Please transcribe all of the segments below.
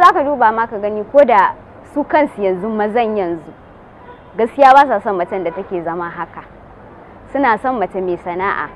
za ka duba ma ka gani ko da su kansu yanzu mazan yanzu gaskiya ba sa son macen da take zama haka suna son mace mai sana'a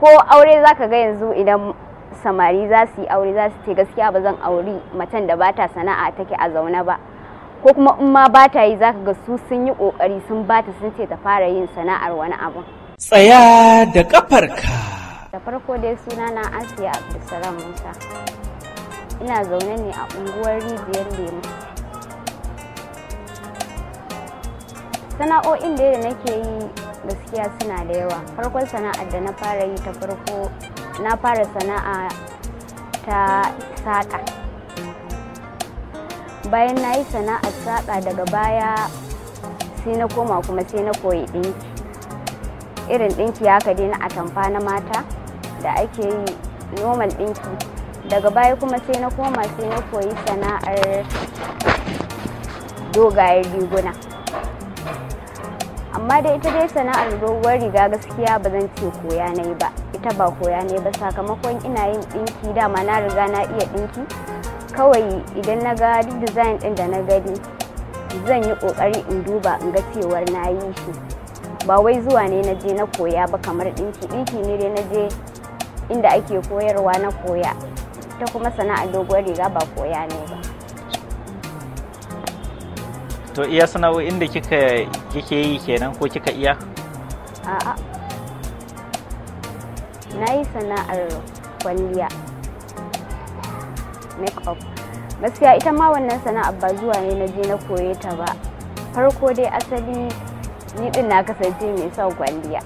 ko aure za ka ga yanzu idan samari za su yi aure za su ce gaskiya ba zan auri macen da bata sana'a take a zaune ba ko kuma in ma ba ta yi za ka ga su sun yi kokari sun bata sun ce ta fara yin sana'ar wani abu tsaya da kafarka da farko dai suna na asiya abdulsalam musa ina zaune ne a unguwar rijiyar lemu sana'o'in da nake yi gaskiya suna da yawa farkon sana'ar da na fara yi ta farko na fara sana'a ta saƙa bayan na yi sana'ar saƙa daga baya sai na koma kuma sai na koyi ɗinki irin ɗinki ya dai na atamfa na mata da ake yi normal ɗinki daga baya kuma sai na koma sai na koyi sana'ar dogayen riguna amma da ita dai sana'ar doguwar riga gaskiya ba zan ce koya na yi ba ita ba koya ne ba sakamakon ina yin dinki dama na riga na iya dinki kawai idan na ga duk design ɗin da na gani zan yi ƙoƙari in duba in ga cewar na yi shi ba wai zuwa ne na je na koya ba kamar dinki dinki ne dai na je inda ake koyarwa na koya ita kuma sana'ar doguwar riga ba koya ne ba to iya sana'o'in da kika kike yi kenan ko kika iya a'a na yi sana'ar kwalliya make-up gaskiya ita ma wannan sana'ar ba zuwa ne na je na koye ta ba farko dai asali ni din na kasance mai son kwalliya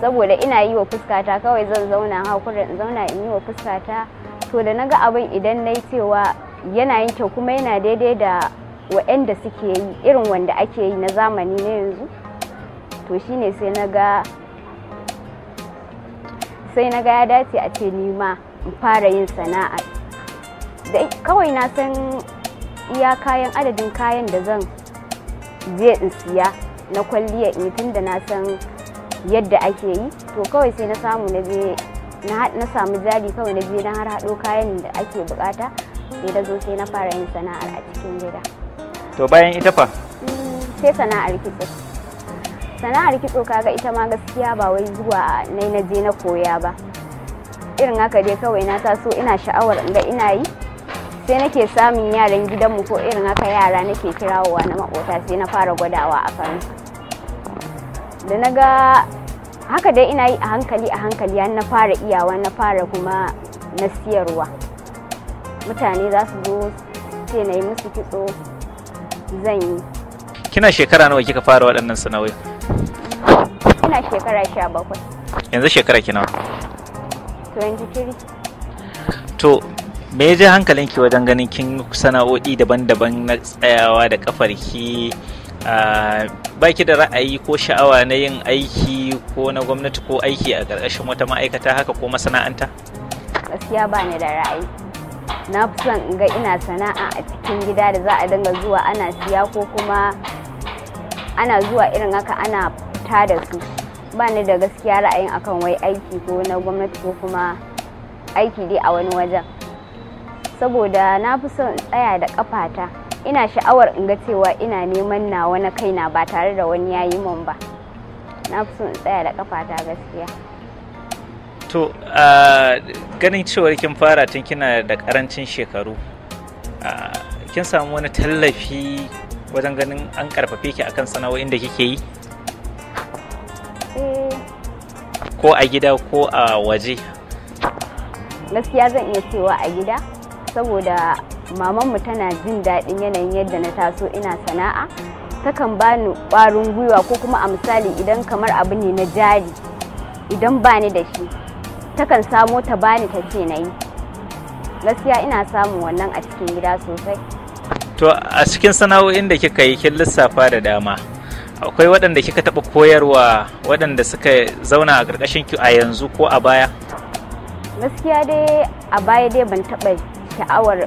saboda ina yi wa fuskata kawai zan zauna hakuri in zauna in yi wa fuskata to da naga abin idan na yi cewa yana yin kyau kuma yana daidai da waɗanda suke yi irin wanda ake yi na zamani na yanzu to shine sai na sai na ga ya dace a ce ni ma in fara yin sana'a da kawai na san iya kayan adadin kayan da zan je in siya na kwalliya in tunda na san yadda ake yi to kawai sai na samu na je na samu jari kawai na je na har haɗo kayan da ake bukata sai na zo sai na fara yin sana'ar a cikin gida to bayan ita fa mm, sai sana'ar kitso sana'ar kitso kaga ita ma gaskiya ba wai zuwa na na je na koya ba irin haka dai kawai na taso ina sha'awar ga ina yi sai nake samun yaran gidanmu ko irin haka yara nake kirawowa na maƙota sai na fara gwadawa a kansu da na ga haka dai ina yi a hankali a hankali har na fara iyawa na fara kuma na siyarwa mutane za su zo ce na yi musu kitso zan yi kina shekara nawa kika fara waɗannan sana'o'i ina shekara sha bakwai yanzu shekara kina 23 to me ya je hankalinki wajen ganin kin sana'o'i daban-daban na tsayawa da kafarki ba ki da ra'ayi ko sha'awa na yin aiki ko na gwamnati ko aiki a ƙarƙashin wata ma'aikata haka ko masana'anta? gaskiya ba ni da ra'ayi na fi son in ga ina sana'a a cikin gida da za a dinga zuwa ana siya ko kuma ana zuwa irin haka ana fita da su ba ni da gaskiya ra'ayin akan wai aiki ko na gwamnati ko kuma aiki dai a wani wajen saboda na fi son tsaya da ƙafata ina sha'awar in ga cewa ina neman nawa na kaina ba tare da wani yayi min ba na fi son in tsaya da kafata gaskiya to ganin cewar kin fara tun kina da karancin shekaru kin samu wani tallafi wajen ganin an karfafe ki akan sana'o'in da kike yi eh. ko a gida ko a waje gaskiya zan iya cewa a gida saboda mamanmu tana jin daɗin yanayin yadda na taso ina sana'a takan bani ƙwarin gwiwa ko kuma a misali idan kamar abu ne na jari idan bani da shi takan samo ta bani ta ce na yi gaskiya ina samun wannan a cikin gida sosai to a cikin sana'o'in da kika yi kin lissafa da dama akwai waɗanda kika taɓa koyarwa waɗanda suka zauna a ƙarƙashin ki a yanzu ko a baya gaskiya dai a baya dai ban taɓa sha'awar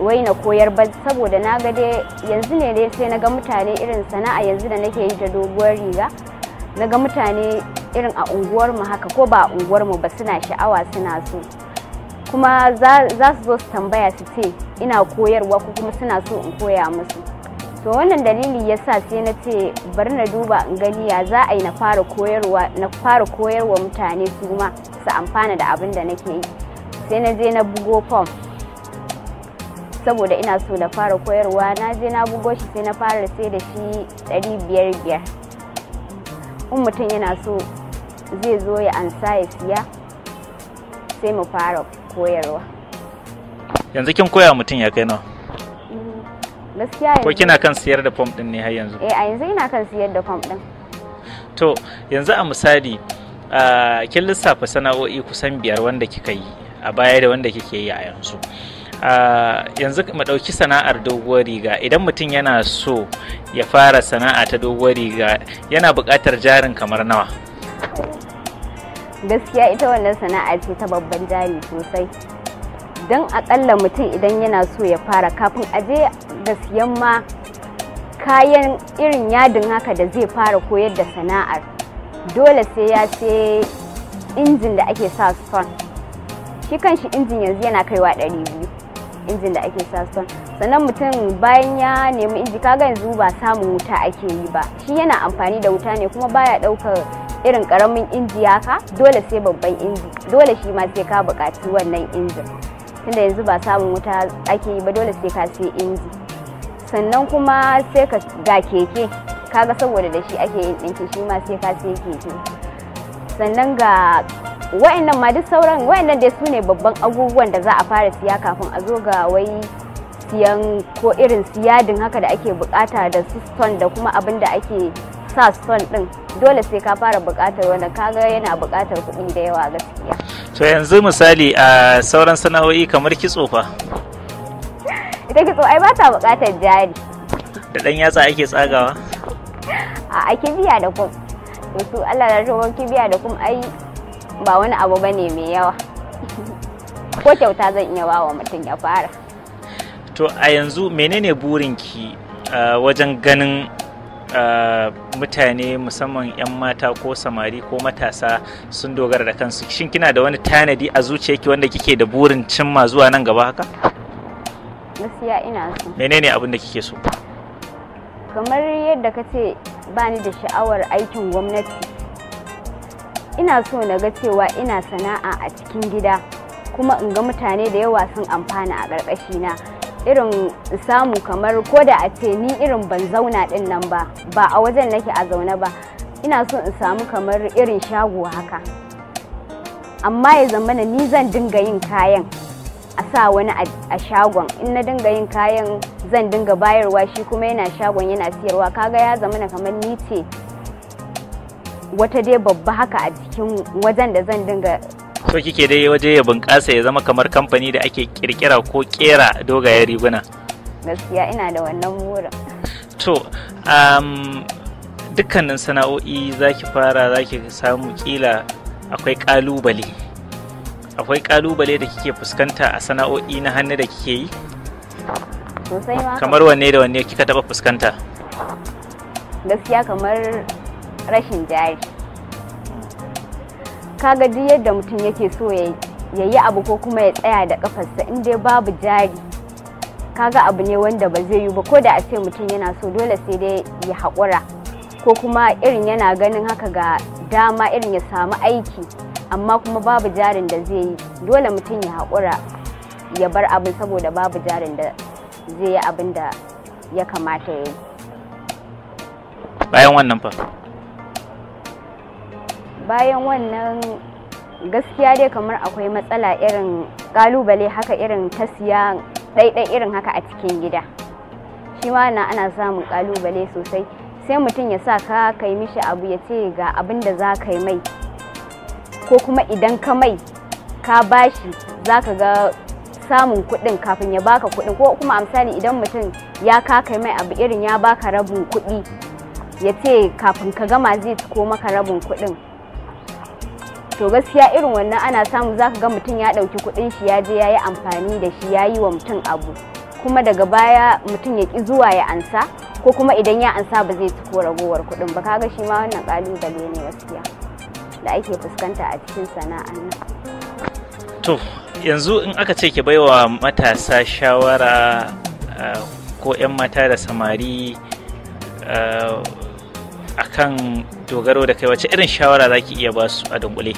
wai na koyar ba saboda na ga dai yanzu ne dai sai na ga mutane irin sana'a yanzu da nake yi ta doguwar riga na ga mutane irin a unguwarmu haka ko ba a unguwarmu ba suna sha'awa suna so kuma za su zo su tambaya su ce ina koyarwa ko kuma suna so in koya musu to wannan dalili ya sa sai na ce bari na duba in gani ya za a yi na fara koyarwa na fara koyarwa mutane su ma su amfana da abin da nake yi sai na je na bugo form saboda ina so na fara koyarwa na je na bugo shi sai na fara sai da shi ɗari biyar biyar in mutum yana so zai zo ya ansa ya siya sai mu fara koyarwa yanzu kin koya mutum ya kai nawa mm, gaskiya ko kina kan siyar da fom din ne har yanzu eh a yanzu ina kan siyar da fom din to yanzu a misali kin lissafa sana'o'i kusan biyar wanda kika yi a baya da wanda kike yi a yanzu yanzu mu ɗauki sana'ar doguwar riga idan mutum yana so ya fara sana'a ta doguwar riga yana buƙatar jarin kamar nawa gaskiya ita wannan sana'a ce ta babban jari sosai don akalla mutum idan yana so ya fara kafin aje gaskiyan ma kayan irin yadin haka da zai fara koyar da sana'ar dole sai ya sai injin da ake sa son shi kan shi injin yanzu yana kaiwa 200 injin da ake sasan sannan mutum bayan ya nemi inji kaga yanzu ba samun wuta ake yi ba shi yana amfani da wuta ne kuma baya ɗaukar irin karamin inji haka dole sai babban inji dole shi ma sai ka buƙaci wannan injin tunda yanzu ba samun wuta ake yi ba dole sai ka sai inji sannan kuma sai ka ga keke kaga saboda da shi ake yin ɗinki shi ma sai ka sai keke sannan ga wa'annan ma duk sauran wa'annan dai su ne babban abubuwan da za a fara siya kafin a zo ga wai siyan ko irin siyadin haka da ake bukata da su stone da kuma abin da ake sa stone din dole sai ka fara bukatar wanda kaga yana bukatar kuɗi da yawa gaskiya to yanzu misali a sauran sana'o'i kamar kitso fa ita kitso ai ba ta bukatar jari da dan yatsa ake tsagawa a ake biya da kum su Allah ya rawo kibiya da kuma ai ba wani abu ba ne mai yawa ko kyauta zan iya ba wa mutum ya fara to a yanzu menene burinki wajen ganin mutane musamman 'yan mata ko samari ko matasa sun dogara da kansu shin kina da wani tanadi a zuciyarki wanda kike da burin cimma zuwa nan gaba haka gaskiya ina so menene abin da kike so kamar yadda ka ce bani da sha'awar aikin gwamnati ina so na ga cewa ina sana'a a cikin gida kuma in ga mutane da yawa sun amfana a ƙarƙashina irin samu kamar ko da a ce ni irin ban zauna ɗin nan ba ba a wajen nake a zaune ba ina so in samu kamar irin shago haka amma ya zamana ni zan dinga yin kayan a sa wani a shagon in na dinga yin kayan zan dinga bayarwa shi kuma yana shagon yana siyarwa kaga ya zamana kamar ni ce wata dai babba haka a cikin wajen da zan dinga so kike dai waje ya bunƙasa ya zama kamar kamfani da ake kirkira ko kera dogayen riguna gaskiya ina da wannan burin to um, dukkanin sana'o'i za ki fara za ki samu kila akwai kalubale akwai kalubale da kike fuskanta a sana'o'i na hannu da kike yi kamar wanne da wanne kika taba fuskanta gaskiya kamar rashin jari kaga duk yadda mutum yake so ya yi abu ko kuma ya tsaya da kafarsa in dai babu jari kaga abu ne wanda ba zai yi ba ko da a ce mutum yana so dole sai dai ya haƙura ko kuma irin yana ganin haka ga dama irin ya samu aiki amma kuma babu jarin da zai yi dole mutum ya haƙura ya bar abin saboda babu jarin da zai yi abin da ya kamata ya yi bayan wannan fa bayan wannan gaskiya dai kamar akwai matsala irin kalubale haka irin ta siya ɗaiɗai irin haka a cikin gida shi ma na ana samun kalubale sosai sai mutum ya sa ka kai mishi abu ya ce ga abin da za ka yi mai ko kuma idan ka mai ka bashi za ka ga samun kuɗin kafin ya baka kuɗin ko kuma misali idan mutum ya kai mai abu irin ya baka rabin kuɗi ya ce kafin ka gama zai ko maka rabin kuɗin to gaskiya irin wannan ana samu zaka ga mutum ya dauki kudin shi ya je ya yi amfani da shi ya yi wa mutum abu kuma daga baya mutum ya ki zuwa ya ansa ko kuma idan ya ansa ba zai tuko ragowar kudin ba kaga shi ma wannan ƙalubale ne gaskiya da ake fuskanta a cikin sana'a nan. To yanzu in aka ce ki baiwa matasa shawara eh, ko 'yan mata da samari eh, akan dogaro da kai wace irin shawara za ki iya ba su a dunkule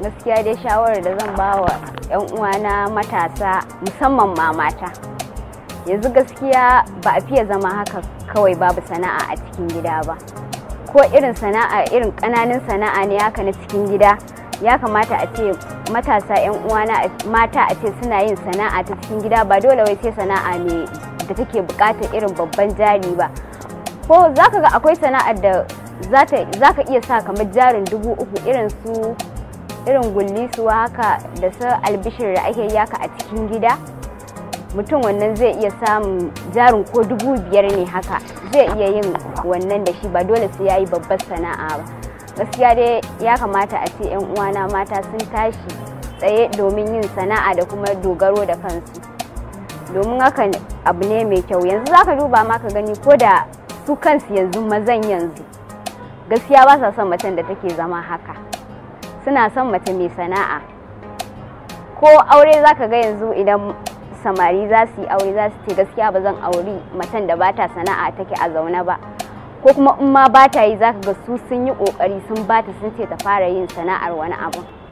gaskiya dai shawara da zan ba wa 'yan uwana matasa musamman ma mata yanzu gaskiya ba a fiye zama haka kawai babu sana'a a cikin gida ba ko irin sana'a irin ƙananan sana'a ne haka na cikin gida ya kamata a ce matasa 'yan uwana mata a ce suna yin sana'a ta cikin gida ba dole wai sai sana'a ne da take bukatar irin babban jari ba ko za ka ga akwai sana'ar da za ka iya sa kamar jarin dubu uku irin su irin gullisuwa haka da su albishir da ake yaka a cikin gida mutum wannan zai iya samun jarin ko dubu biyar ne haka zai iya yin wannan da shi ba dole sai yayi babbar sana'a ba gaskiya dai ya kamata a ce 'yan uwana mata sun tashi tsaye domin yin sana'a da kuma dogaro da kansu domin hakan abu ne mai kyau yanzu za ka duba ma ka gani ko da su kansu yanzu mazan yanzu gaskiya ba sa son macen da take zama haka suna son mace mai sana'a ko aure za ka ga yanzu idan samari za su yi aure za su ce gaskiya ba zan auri macen da bata sana'a take a zaune ba ko kuma in ma ba ta yi za ka ga su sun yi kokari sun bata sun ce ta fara yin sana'ar wani abu